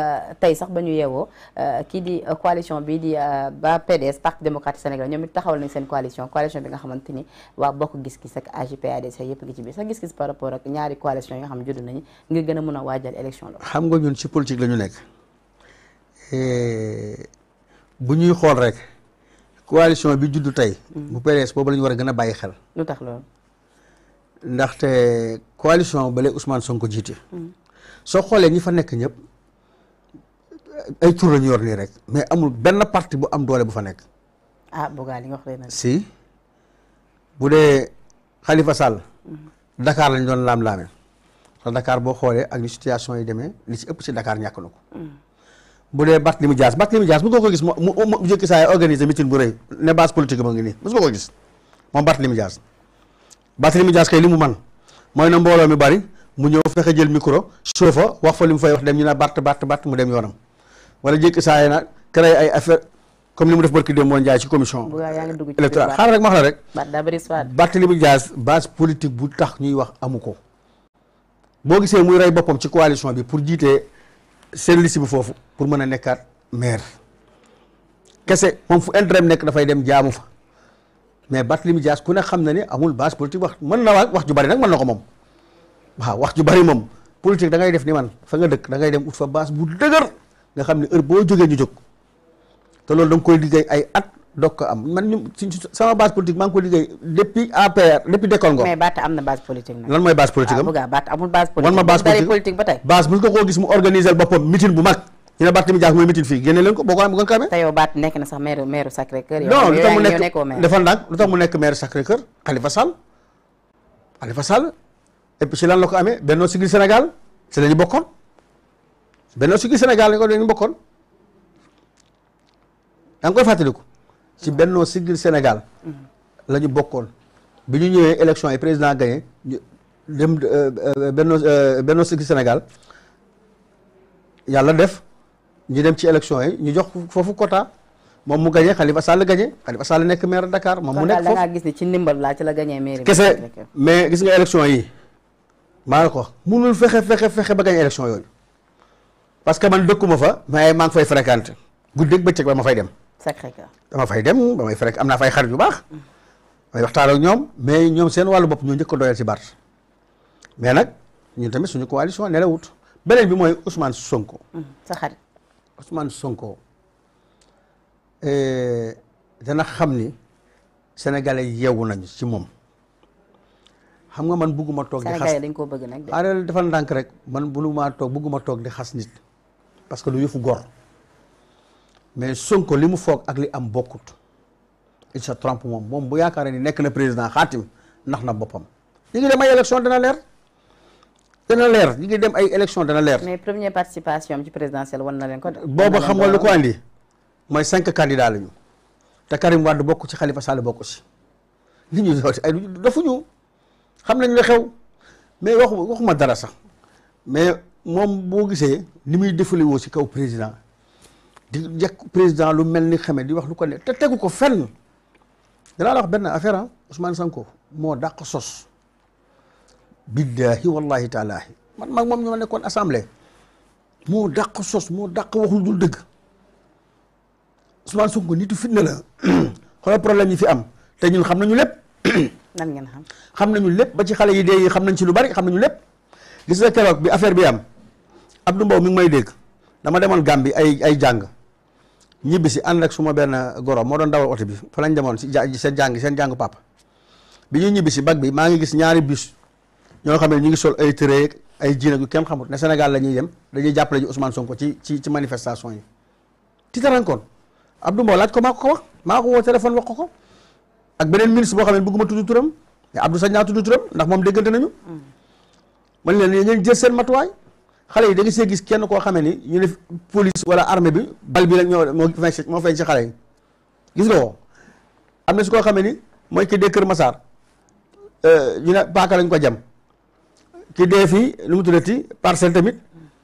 Euh, tey sax ba ñu yeewoo euh, kii di euh, coalition bi di ba PDS Parti démocratique sénégalais ñoom it taxawal nañ seen coalition coalition bi nga xamante ni waa bokk gis-gis ak AGPADC yëpp ngi ci biir sax gis-gis par rapport ak ñaari coalition yi nga xam judd nañu ngir gën a mën a waajal élection la xam nga ñun ci politique la nekk eh, bu ñuy xool rek coalition bi juddu tey mm. bu PDS boobu la war a gën a bàyyi xel lu tax loolu ndaxte coalition bale Ousmane Sonko mm. soo xoolee ay tur la ñu yor nii rek mais amul benn parti bu am doole bu fa nekk. ah Boga nga wax rek si bu dee Khalifa Sall. Mm-hmm. Dakar lañ doon laam-laame. ndax Dakar boo xoolee ak ni situation yi demee li si ëpp si dakaar ñàkk na ko. Mm-hmm. bu dee Barthélémy Dias Barthélémy Dias mosoo ko gis mu mu mu jëkki saa yi organiser meeting bu rëy ne base politique ma ngi nii mosoo ko gis moom Barthélémy Dias. kay li mu man mooy na mbooloo mi bari mu ñëw fexe jël micro soo fa wax fa li mu fay wax dem ñu ne Bart Bart Bart mu dem yoonam. wala jékki saa na nag ay affaire comme li mu def barki Demba Ndiaye ci commission électorale xaaral rek ma wax la rek Barthélémy Dias base politique bu tax ñuy wax amu ko boo gisee muy rey boppam ci coalition bi pour jiitee seen liste bi foofu pour mën a nekkaat maire kese moom fu intérêt nekk dafay dem jaamu fa mais mu jaas ku ne xam ne ne amul base politique wax mën na waa wax ju bari nag mën na ko moom waaw wax ju bari moom politique da ngay def ni man fa dëkk da ngay dem ut nga xam ne heure boo jógee ñu jóg te loolu da koy liggéey ay at doog ko am man ñu sama base politique maa ngi koy liggéey depuis APR depuis Dekol Ngor. lan mooy base politique am ah Batta ba tey. base bu ko koo gis mu organiser boppam meeting bu mag. ñu ne Barthélémy Dias mooy meeting fii génne leen ko boo ko am bu ko amee. te nekk na sax maire maire Sacré Cœur. non lu tax mu nekk dafa ndànk lu tax mu nekk maire Sacré si lan la ko amee Benno Siggil Sénégal si la bennoo Siggil Sénégal lañ ko dañu bokkoon yaa koy fàttaliku si Benno Siggil Sénégal mm-hmm. la ñu bokkoon bi ñu ñëwee élection yi président gagné ñu dem euh, euh, Benno euh, Benno Siggil Sénégal yàlla def ñu dem ci élection yi ñu jox foofu quota moom mu gagné Khalifa Sall gagné Khalifa Sall nekk maire Dakar moom mu nekk foofu gis ni ci ndimbal laa la gagné kese mais gis nga élection yi maa la ko munul fexe fexe fexe ba gagné élection yooyu parce que man dëkkuma fa mais maa ngi fay fréquente guddeeg bëccëg ba ma fay dem. sacré dama fay dem ba may fréq am naa fay xarit yu baax. may waxtaan ak ñoom mais ñoom seen wàllu bopp ñoo njëkk a si ci baat mais nag ñu tamit suñu ko ne la wut beneen bi mooy usman Sonko. Mm, sa xarit Ousmane Sonko eh, dana xam ni sénégalais yeewu nañu ci moom. xam nga man bugguma toog di xas sénégalais dañ koo bëgg nag. defal ndànk rek man bu lu maa toog bugguma toog di xas nit. parce que lu yëfu gor mais Sonko li mu foog ak li am bokkut il se trompe moom moom bu yaakaaree ni nekk na président xaatim ndax na boppam li nga dem ay élection dana leer dana leer ñu nga dem ay élection dana leer. mais première participation ci présidentielle na leen ko. xam nga lu ko andi mooy cinq candidats lañu te Karim Wade bokk ci xalifa Sall bokk ci li ñu dooti ay dofuñu xam nañ la xew mais waxu waxuma dara sax mais. moom boo gisee ni muy défale woo si kaw président di jekk président lu mel ni xame di wax lu ko ne te tegu ko fenn danaa la wax benn affaire ah Ousmane Sonko moo dàq sos billahi wallahi taalaahi man maag moom ñoo nekkoon assemblée moo dàq sos moo dàq waxul dul dëgg Ousmane Sonko nitu fitna la xoolal problème yi fi am te ñun xam nañu lépp nan ngeen xam xam nañu lépp ba ci xale yi dee yi xam nañ ci lu bari xam nañu lépp gis nga keroog bi affaire bi am Abdou Mbow mu may dégg dama demoon Gàmbi ay ay jàng ñibbi si ànd ak suma benn goro moo doon daw oto bi fa lañ demoon si seen jàng seen jàng papa bi ñuy ñibbi si bag bi maa ngi gis ñaari bis ñoo xam ne ñu ngi sol ay tëree ay jiina yu kenn xamut ne Sénégal la ñuy yem dañuy jàppale ji Ousmane Sonko ci ci ci manifestation yi ti tarankoon Abdou Mbow laaj ko maa ko wax maa ko woo téléphone wax ko ko ak beneen ministre boo xam ne bëgguma tudd turam mais Abdou sañ naa tudd turam man leen yéen jël seen matuwaay xale yi da nga see gis kenn koo xamee ni ñu ne police wala armée bi bal bi la ñoo moo moo feeñ si xale yi gis nga ko am na su koo xamee ni mooy ki dee Kër Masaar ñu ne paaka lañ ko jam ki dee fii lu mu tuddati parcelle tamit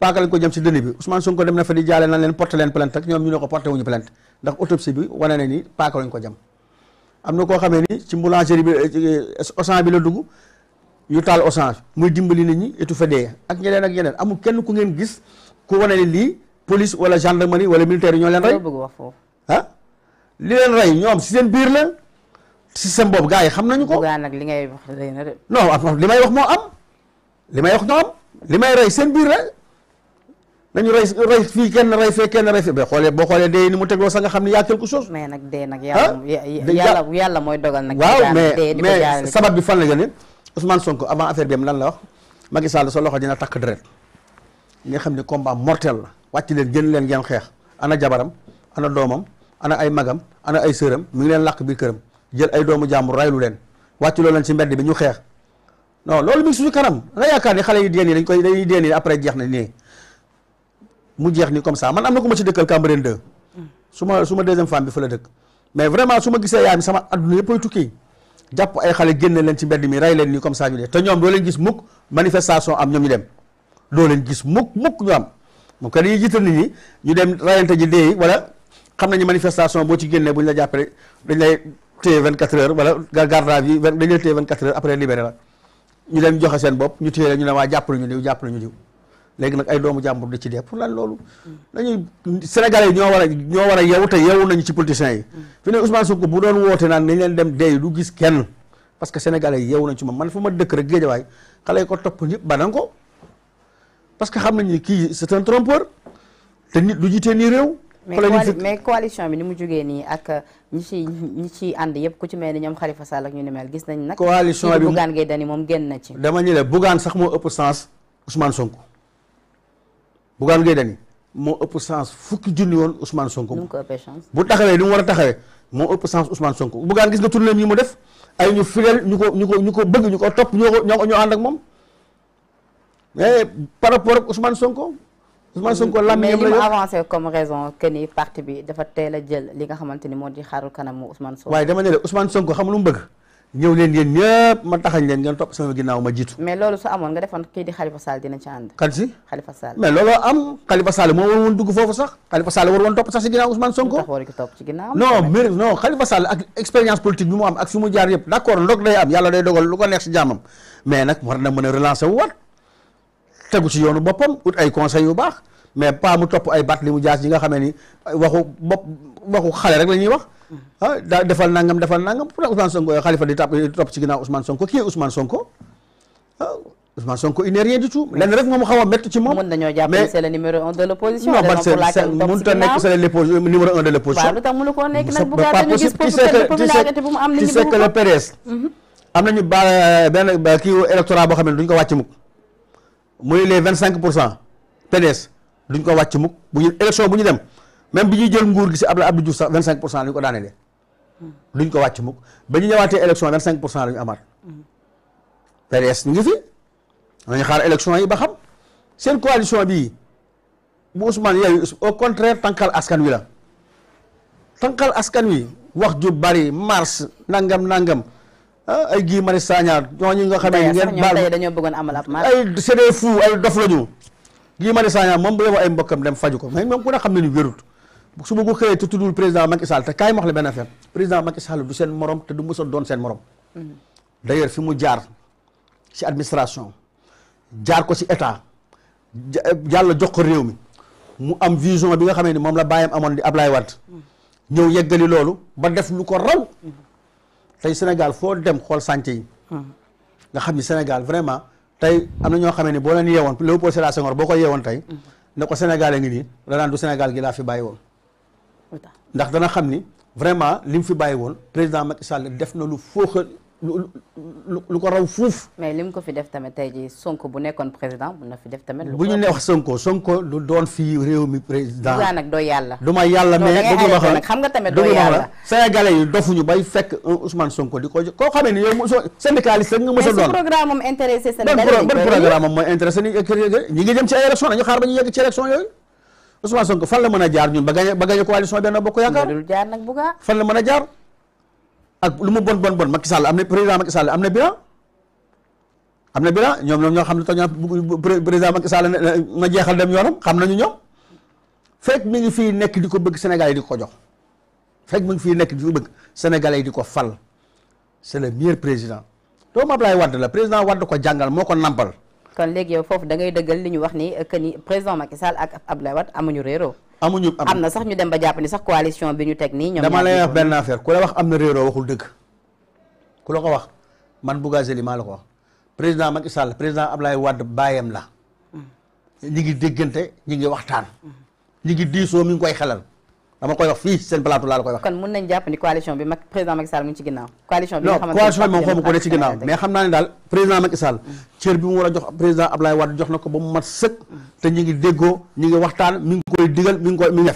paaka lañ ko jam si dënn bi Ousmane Sonko dem na fa di jaale nan leen porté leen plainte ak ñoom ñu ne ko porté wuñu plainte ndax autopsie bi wane na ni paaka lañ ko jam am na koo xamee ni ci boulangerie bi bi la dugg yu taal Orange muy dimbali nit ñi fa dee ak ñeneen ak ñeneen amul kenn ku ngeen gis ku wane ne lii police wala gendarmerie wala militaire yi ñoo leen rey bëgg wax foofu ah li leen rey ñoom si seen biir la système boob gaa yi xam nañu ko nag li ngay wax rey na de non ah, li may wax moo am li may wax ñoo am li may rey seen biir la nañu rey rey fii kenn rey fee kenn rey fee ba xoolee boo xoolee dee ni mu tegloo sax nga xam ne yaa quelque chose nag dee nag yàlla yàlla mooy dogal nag waaw mais mais sabab bi fan la gën Ousmane Sonko avant affaire bi am lan la wax Macky Sall sa loxo dina takk deret nga xam ne combat mortel la wàcc leen jën leen ngeen xeex ana jabaram ana doomam ana ay magam ana ay sëram mu ngi leen làkk biir këram jël ay doomu jàmbur raylu leen wàcc loo leen ci mbedd bi ñu xeex non loolu mi ngi suñu kanam nga yaakaar ni xale yi deen yi dañ koy dañuy deen yi après jeex na nii mu jeex ni comme ça man am na ko ma ci dëkkal Cambérène 2 mm. su ma su ma deuxième bi fa la dëkk mais vraiment su ma gisee yaay mi sama adduna yëpp tukki jàpp ay xale génne leen ci mbedd mi rey leen nii comme ça ñu def te ñoom doo leen gis mukk manifestation am ñoom ñu dem doo leen gis mukk mukk ñu am moom kat dañuy jiital nit ñi ñu dem rayante ji dee wala xam nañu manifestation boo ci génnee bu ñu la jàppee dañ lay téye 24 heures wala garde à vue dañ lay téye 24 heures après libéré la ñu dem joxe seen bopp ñu téye la ñu ne waa jàpp nañu diw jàpp nañu diw léegi nag ay doomu jàmbur di ci dee pour lan loolu dañuy sénégalais yi ñoo war a ñoo war te yeewu nañu ci politiciens yi fi ne Ousmane Sonko bu doon woote naan nañ leen dem dee du gis kenn parce que sénégalais yi yeewu nañ ci moom man fu ma dëkk rek géejawaay xale yi ko topp ñëpp banan ko parce que xam nañ ni kii c'est un trompeur te nit du jiitee nii réew mais coalition bi ni mu jógee nii ak ñi ci ñi ci ànd yëpp ku ci mel ni ñoom gis nañ nag coalition bi Bougane Gueye Dany moom génn na ci dama ñu ne Bougane sax moo ëpp sens Ousmane Sonko Bougane Gueye Dany moo ëpp chance fukki junni woon Ousmane Sonko. bu taxawee li mu war a taxawee moo ëpp chance Ousmane Sonko Bougane gis nga tournée yi mu def ay ñu fidèle ñu ko ñu ko ñu ko bëgg ñu ko topp ñoo ko ñoo ànd ak moom mais par rapport ak Ousmane Sonko. Ousmane Sonko lam yëpp la mais li mu avancé comme raison que ni parti bi dafa teel a jël li nga xamante ni moo di xaarul kanamu Ousmane Sonko. waaye dama ne la Ousmane Sonko xam lu mu bëgg. ñëw leen yéen ñëpp ma taxañ leen ngeen topp sama ginnaaw ma jiitu. mais loolu su amoon nga defan kii di Khalifa Sall dina ci ànd. kan si Khalifa Sall. mais looloo am Khalifa Sall moo war woon dugg foofu sax Khalifa Sall war woon topp sax si ginnaaw Ousmane Sonko. tax mais non Khalifa Sall ak expérience politique bi mu am ak fi mu jaar yëpp d' accord ndog day am yàlla day dogal lu ko neex si jàmmam mais nag war na mën a relancer wu tegu si yoonu boppam ut ay conseils yu baax mais pas mu topp ay baat li mu jaas yi nga xamee ni waxu bopp waxu xale rek la ñuy wax ah daa defal nangam defal nangam pourtant Ousmane Sonko eh, Khalifa di topp eh, topp ci Sonko kii Ousmane Sonko ah Sonko il n'est rien lenn rek moom xaw a ci moom. mën nañoo de l'opposition. a nekk c'est numéro un de l'opposition. waaw lu tax mënu nekk mhm. ba eh, benn kii électorat duñ ko wàcc mukk muy les vingt cinq pour cent PDS duñ ko wàcc mukk bu ñu élection bu ñu dem même bi ñuy jël nguur gi si Abdoulaye Abdou Diouf sax vingt cinq pour cent la ñu ko daanelee hmm. duñ ko wàcc mukk ba ñu ñëwaatee élection vingt cinq pour cent la ñu amaat hmm. PDS ñu ngi fi nañu xaar élection yi ba xam seen coalition bii bu Ousmane Yewwi au contraire tànkal askan wi la tànkal askan wi wax ju bari mars nangam nangam ah, ay gii mari sañaar ñooñu nga xamee ngeen baal dañoo bëggoon amal ab mars ay c'est des ay dof lañu gii mari sañaar moom bu yeboo ay mbokkam dem faju ko mais moom ku ne xam su ma ko xëyee te tuddul président Macky Sall te kaay ma wax la benn affaire président Macky Sall du seen morom te du mës a doon seen morom. Mm-hmm. d'ailleurs fi mu jaar ci administration jaar ko ci état yàlla jox ko réew mi mu am vision bi nga xamee ni moom la bàyyam amoon di Ablaye Wade. Mm-hmm. ñëw yeggali loolu ba def lu ko raw. Mm-hmm. tey Sénégal foo dem xool sànce yi. nga xam ni Sénégal vraiment tey am na ñoo xamee ni boo leen yeewoon Léopold Sédar Senghor boo ko yeewoon tey. ne ko Sénégal a ngi nii danaan du fi bàyyi woon. ndax dana xam ni vraiment li mu fi bàyyi woon président Macky Sall def na lu fooxa lu ko raw fuuf. mais lim ko fi def tamit tey ji Sonko bu nekkoon président mun na fi def tamit. lu bu ñu ne wax Sonko fii réew mi président. Bougane nag yàlla. du ma yàlla mais nag xam nga tamit doo yàlla. Sénégalais bay fekk Ousmane Sonko di ko koo xamee ni yow syndicaliste rek nga mës a doon. mais su programme am intéressé Sénégalais yi. ban ni ñu ngi jëm ci élection nañu ñu yegg Ousmane Sonko fan la mën a jaar ñun ba gañe ba gañe coalition Benno Bokk Yaakaar jaar nag bugaa la mën a jaar ak lu mu bon bon bon Macky Sall am na président Macky Sall am na bilan na bilan ñoom ñoom ñoo xam ne tax ñoo président Macky Sall na jeexal dem yoonam xam nañu ñoom fekk mu ngi fii nekk di ko bëgg Sénégal di ko jox fekk mu ngi fii nekk di ko bëgg Sénégal yi di ko fal c'est le meilleur président doomu Ablaye Wade la président Wade ko jàngal moo ko nampal kon léegi yow foofu dangay ngay dëggal li ñu wax ni que ni président Macky Sall ak Abdoulaye Wade amuñu réeroo amuñu am na sax ñu dem ba jàpp ni sax coalition bi ñu teg nii ñoom dama lay wax benn affaire ku la wax am na réeroo waxul dëgg ku la ko wax man Bougazeli maa la ko wax président Macky Sall président Abdoulaye Wade baayam la mm. ñi ngi déggante ñi ngi waxtaan mm. ñi ngi diisoo mi ngi koy xelal dama koy wax fii seen plateau laa la koy wax. kon nañ jàpp ni coalition bi mag président Macky Sall mu ngi ci ginnaaw. coalition bi bi moom xam naa ne daal président Macky Sall. cër bi mu war a jox président Ablaye Wade jox na ko ba mu mat sëkk. te ñu ngi déggoo ñu ngi waxtaan mi ngi koy digal mi ngi koy mi ngi